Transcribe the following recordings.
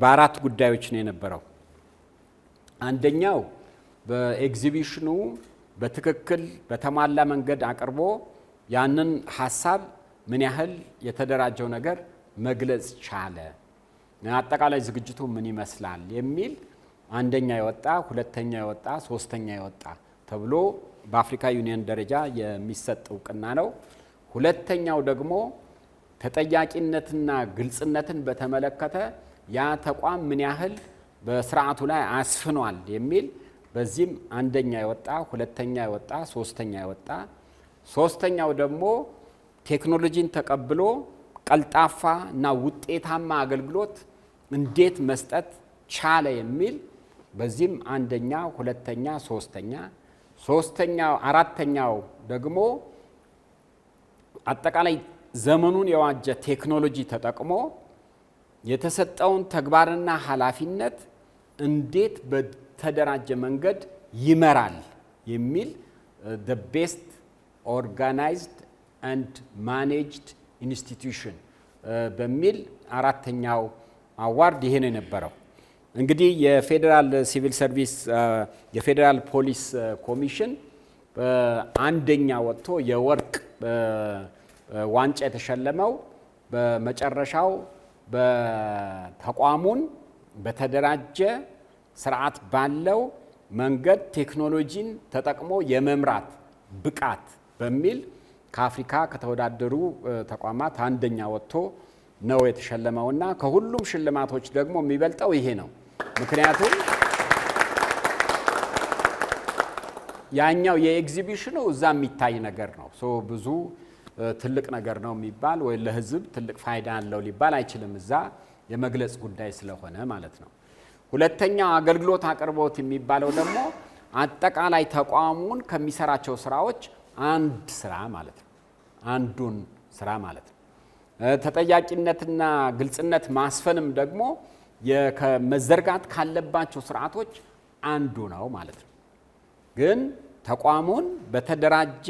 በአራት ጉዳዮች ነው የነበረው። አንደኛው በኤግዚቢሽኑ በትክክል በተሟላ መንገድ አቅርቦ ያንን ሀሳብ ምን ያህል የተደራጀው ነገር መግለጽ ቻለ፣ አጠቃላይ ዝግጅቱ ምን ይመስላል የሚል አንደኛ የወጣ ሁለተኛ የወጣ ሶስተኛ የወጣ ተብሎ በአፍሪካ ዩኒየን ደረጃ የሚሰጥ እውቅና ነው። ሁለተኛው ደግሞ ተጠያቂነትና ግልጽነትን በተመለከተ ያ ተቋም ምን ያህል በስርዓቱ ላይ አስፍኗል የሚል በዚህም አንደኛ የወጣ ሁለተኛ የወጣ ሶስተኛ የወጣ ሶስተኛው ደግሞ ቴክኖሎጂን ተቀብሎ ቀልጣፋ እና ውጤታማ አገልግሎት እንዴት መስጠት ቻለ የሚል በዚህም አንደኛ ሁለተኛ ሶስተኛ ሶስተኛው አራተኛው ደግሞ አጠቃላይ ዘመኑን የዋጀ ቴክኖሎጂ ተጠቅሞ የተሰጠውን ተግባርና ኃላፊነት እንዴት በተደራጀ መንገድ ይመራል የሚል ዘ ቤስት ኦርጋናይዝድ አንድ ማኔጅድ ኢንስቲትዩሽን በሚል አራተኛው አዋርድ ይሄ ነው የነበረው። እንግዲህ የፌዴራል ሲቪል ሰርቪስ uh, የፌዴራል ፖሊስ uh, ኮሚሽን uh, አንደኛ ወጥቶ የወርቅ ዋንጫ የተሸለመው በመጨረሻው በተቋሙን በተደራጀ ስርዓት ባለው መንገድ ቴክኖሎጂን ተጠቅሞ የመምራት ብቃት በሚል ከአፍሪካ ከተወዳደሩ ተቋማት አንደኛ ወጥቶ ነው የተሸለመውና ከሁሉም ሽልማቶች ደግሞ የሚበልጠው ይሄ ነው። ምክንያቱም ያኛው የኤግዚቢሽኑ እዛ የሚታይ ነገር ነው ብዙ ትልቅ ነገር ነው የሚባል ወይ ለህዝብ ትልቅ ፋይዳ አለው ሊባል አይችልም። እዛ የመግለጽ ጉዳይ ስለሆነ ማለት ነው። ሁለተኛው አገልግሎት አቅርቦት የሚባለው ደግሞ አጠቃላይ ተቋሙን ከሚሰራቸው ስራዎች አንድ ስራ ማለት ነው። አንዱን ስራ ማለት ነው። ተጠያቂነትና ግልጽነት ማስፈንም ደግሞ መዘርጋት ካለባቸው ስርዓቶች አንዱ ነው ማለት ነው። ግን ተቋሙን በተደራጀ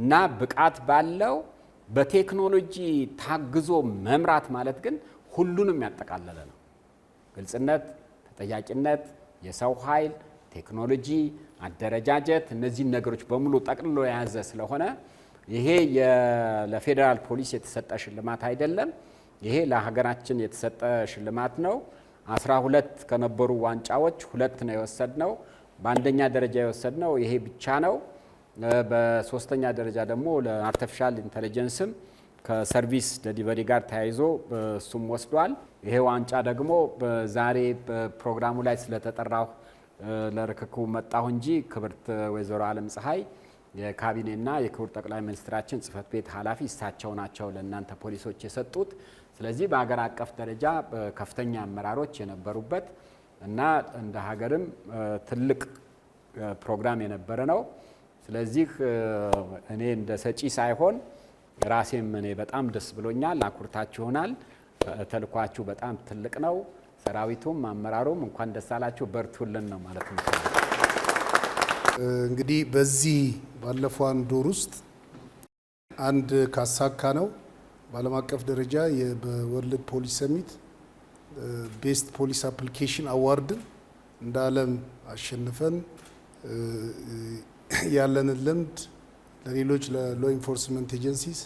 እና ብቃት ባለው በቴክኖሎጂ ታግዞ መምራት ማለት ግን ሁሉንም ያጠቃለለ ነው። ግልጽነት፣ ተጠያቂነት፣ የሰው ኃይል፣ ቴክኖሎጂ፣ አደረጃጀት እነዚህን ነገሮች በሙሉ ጠቅልሎ የያዘ ስለሆነ ይሄ ለፌዴራል ፖሊስ የተሰጠ ሽልማት አይደለም። ይሄ ለሀገራችን የተሰጠ ሽልማት ነው። አስራ ሁለት ከነበሩ ዋንጫዎች ሁለት ነው የወሰድነው። በአንደኛ ደረጃ የወሰድነው ይሄ ብቻ ነው። በሶስተኛ ደረጃ ደግሞ ለአርቲፊሻል ኢንቴሊጀንስም ከሰርቪስ ደሊቨሪ ጋር ተያይዞ እሱም ወስዷል። ይሄ ዋንጫ ደግሞ ዛሬ በፕሮግራሙ ላይ ስለተጠራሁ ለርክክቡ መጣሁ እንጂ ክብርት ወይዘሮ አለም ፀሐይ የካቢኔና የክቡር ጠቅላይ ሚኒስትራችን ጽህፈት ቤት ኃላፊ እሳቸው ናቸው ለእናንተ ፖሊሶች የሰጡት። ስለዚህ በሀገር አቀፍ ደረጃ ከፍተኛ አመራሮች የነበሩበት እና እንደ ሀገርም ትልቅ ፕሮግራም የነበረ ነው። ስለዚህ እኔ እንደ ሰጪ ሳይሆን ራሴም እኔ በጣም ደስ ብሎኛል። ይሆናል። ተልኳችሁ በጣም ትልቅ ነው። ሰራዊቱም አመራሩም እንኳን ደስ አላችሁ፣ በርቱልን ነው ማለት ነው። እንግዲህ በዚህ ባለፈው አንድ ወር ውስጥ አንድ ካሳካ ነው በዓለም አቀፍ ደረጃ በወርልድ ፖሊስ ሰሚት ቤስት ፖሊስ አፕሊኬሽን አዋርድን እንደ ዓለም አሸንፈን ያለንን ልምድ ለሌሎች ለሎ ኢንፎርስመንት ኤጀንሲስ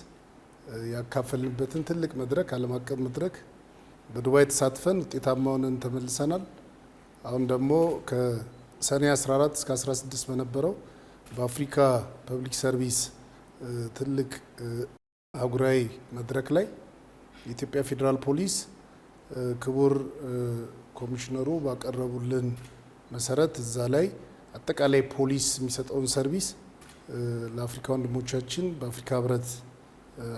ያካፈልንበትን ትልቅ መድረክ ዓለም አቀፍ መድረክ በዱባይ ተሳትፈን ውጤታማውን ተመልሰናል። አሁን ደግሞ ከሰኔ 14 እስከ 16 በነበረው በአፍሪካ ፐብሊክ ሰርቪስ ትልቅ አጉራዊ መድረክ ላይ የኢትዮጵያ ፌዴራል ፖሊስ ክቡር ኮሚሽነሩ ባቀረቡልን መሰረት እዛ ላይ አጠቃላይ ፖሊስ የሚሰጠውን ሰርቪስ ለአፍሪካ ወንድሞቻችን በአፍሪካ ህብረት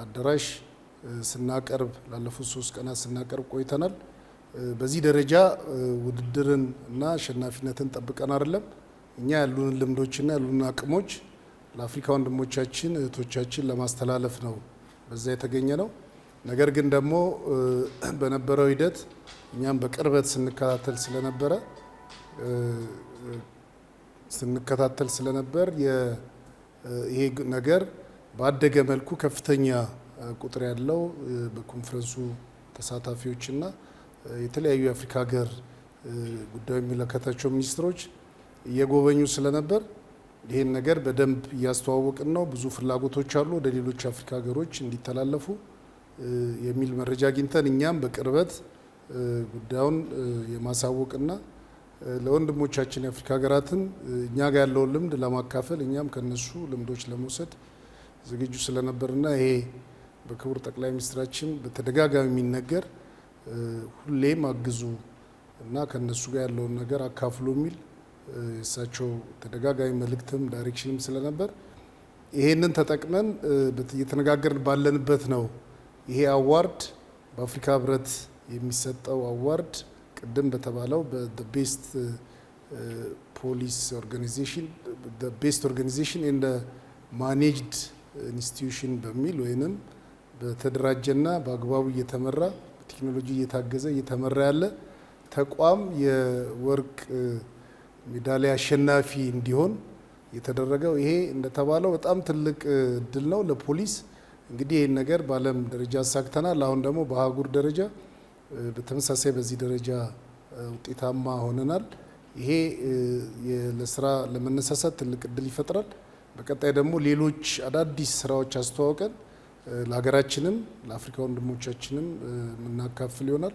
አዳራሽ ስናቀርብ ላለፉት ሶስት ቀናት ስናቀርብ ቆይተናል። በዚህ ደረጃ ውድድርን እና አሸናፊነትን ጠብቀን አይደለም። እኛ ያሉንን ልምዶችና ያሉንን አቅሞች ለአፍሪካ ወንድሞቻችን እህቶቻችን ለማስተላለፍ ነው በዛ የተገኘ ነው። ነገር ግን ደግሞ በነበረው ሂደት እኛም በቅርበት ስንከታተል ስለነበረ ስንከታተል ስለነበር ይሄ ነገር ባደገ መልኩ ከፍተኛ ቁጥር ያለው በኮንፈረንሱ ተሳታፊዎችና የተለያዩ የአፍሪካ ሀገር ጉዳዩ የሚመለከታቸው ሚኒስትሮች እየጎበኙ ስለነበር ይህን ነገር በደንብ እያስተዋወቅን ነው። ብዙ ፍላጎቶች አሉ ወደ ሌሎች አፍሪካ ሀገሮች እንዲተላለፉ የሚል መረጃ አግኝተን እኛም በቅርበት ጉዳዩን የማሳወቅና ለወንድሞቻችን የአፍሪካ ሀገራትን እኛ ጋር ያለውን ልምድ ለማካፈል እኛም ከነሱ ልምዶች ለመውሰድ ዝግጁ ስለነበርና ይሄ በክቡር ጠቅላይ ሚኒስትራችን በተደጋጋሚ የሚነገር ሁሌም አግዙ እና ከነሱ ጋር ያለውን ነገር አካፍሉ የሚል የእሳቸው ተደጋጋሚ መልእክትም ዳይሬክሽንም ስለነበር ይሄንን ተጠቅመን እየተነጋገርን ባለንበት ነው። ይሄ አዋርድ በአፍሪካ ህብረት የሚሰጠው አዋርድ ቅድም በተባለው በቤስት ፖሊስ ኦርጋኒዜሽን ቤስት ኦርጋኒዜሽን ኢን ማኔጅድ ኢንስቲትዩሽን በሚል ወይንም በተደራጀና በአግባቡ እየተመራ ቴክኖሎጂ እየታገዘ እየተመራ ያለ ተቋም የወርቅ uh, ሜዳሊያ አሸናፊ እንዲሆን የተደረገው ይሄ እንደተባለው በጣም ትልቅ uh, እድል ነው ለፖሊስ። እንግዲህ ይህን ነገር በዓለም ደረጃ አሳክተናል። አሁን ደግሞ በአህጉር ደረጃ በተመሳሳይ በዚህ ደረጃ ውጤታማ ሆነናል። ይሄ ለስራ ለመነሳሳት ትልቅ እድል ይፈጥራል። በቀጣይ ደግሞ ሌሎች አዳዲስ ስራዎች አስተዋውቀን ለሀገራችንም ለአፍሪካ ወንድሞቻችንም የምናካፍል ይሆናል።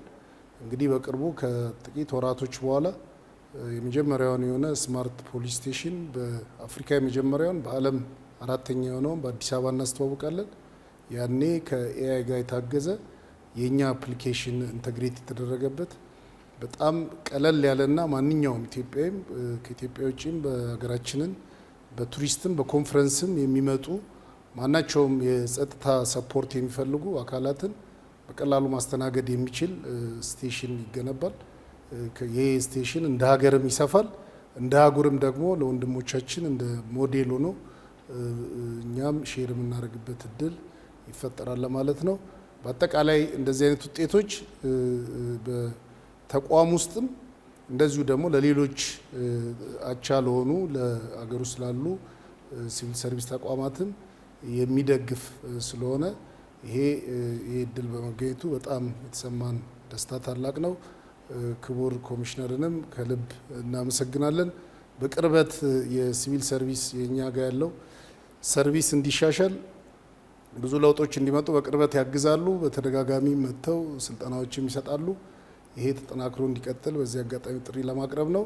እንግዲህ በቅርቡ ከጥቂት ወራቶች በኋላ የመጀመሪያውን የሆነ ስማርት ፖሊስ ስቴሽን በአፍሪካ የመጀመሪያውን በዓለም አራተኛ የሆነውን በአዲስ አበባ እናስተዋውቃለን። ያኔ ከኤአይ ጋር የታገዘ የእኛ አፕሊኬሽን ኢንተግሬት የተደረገበት በጣም ቀለል ያለና ማንኛውም ኢትዮጵያም ከኢትዮጵያ ውጭም በሀገራችንን በቱሪስትም በኮንፈረንስም የሚመጡ ማናቸውም የጸጥታ ሰፖርት የሚፈልጉ አካላትን በቀላሉ ማስተናገድ የሚችል ስቴሽን ይገነባል። ይህ ስቴሽን እንደ ሀገርም ይሰፋል፣ እንደ አህጉርም ደግሞ ለወንድሞቻችን እንደ ሞዴል ሆኖ እኛም ሼር የምናደርግበት እድል ይፈጠራል ለማለት ነው። በአጠቃላይ እንደዚህ አይነት ውጤቶች በተቋም ውስጥም እንደዚሁ ደግሞ ለሌሎች አቻ ለሆኑ ለአገር ውስጥ ላሉ ሲቪል ሰርቪስ ተቋማትም የሚደግፍ ስለሆነ ይሄ ይህ እድል በመገኘቱ በጣም የተሰማን ደስታ ታላቅ ነው። ክቡር ኮሚሽነርንም ከልብ እናመሰግናለን። በቅርበት የሲቪል ሰርቪስ የእኛ ጋር ያለው ሰርቪስ እንዲሻሻል ብዙ ለውጦች እንዲመጡ በቅርበት ያግዛሉ። በተደጋጋሚ መጥተው ስልጠናዎችም ይሰጣሉ። ይሄ ተጠናክሮ እንዲቀጥል በዚህ አጋጣሚ ጥሪ ለማቅረብ ነው።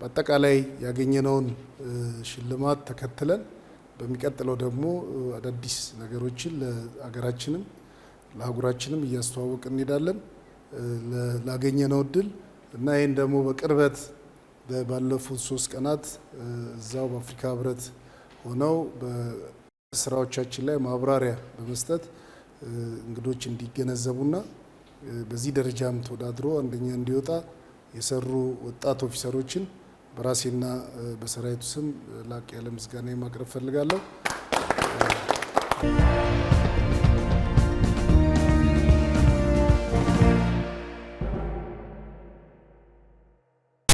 በአጠቃላይ ያገኘነውን ሽልማት ተከትለን በሚቀጥለው ደግሞ አዳዲስ ነገሮችን ለሀገራችንም ለአህጉራችንም እያስተዋወቅ እንሄዳለን። ላገኘነው እድል እና ይህን ደግሞ በቅርበት ባለፉት ሶስት ቀናት እዛው በአፍሪካ ህብረት ሆነው ስራዎቻችን ላይ ማብራሪያ በመስጠት እንግዶች እንዲገነዘቡና በዚህ ደረጃም ተወዳድሮ አንደኛ እንዲወጣ የሰሩ ወጣት ኦፊሰሮችን በራሴና በሰራዊቱ ስም ላቅ ያለ ምስጋና ማቅረብ ፈልጋለሁ።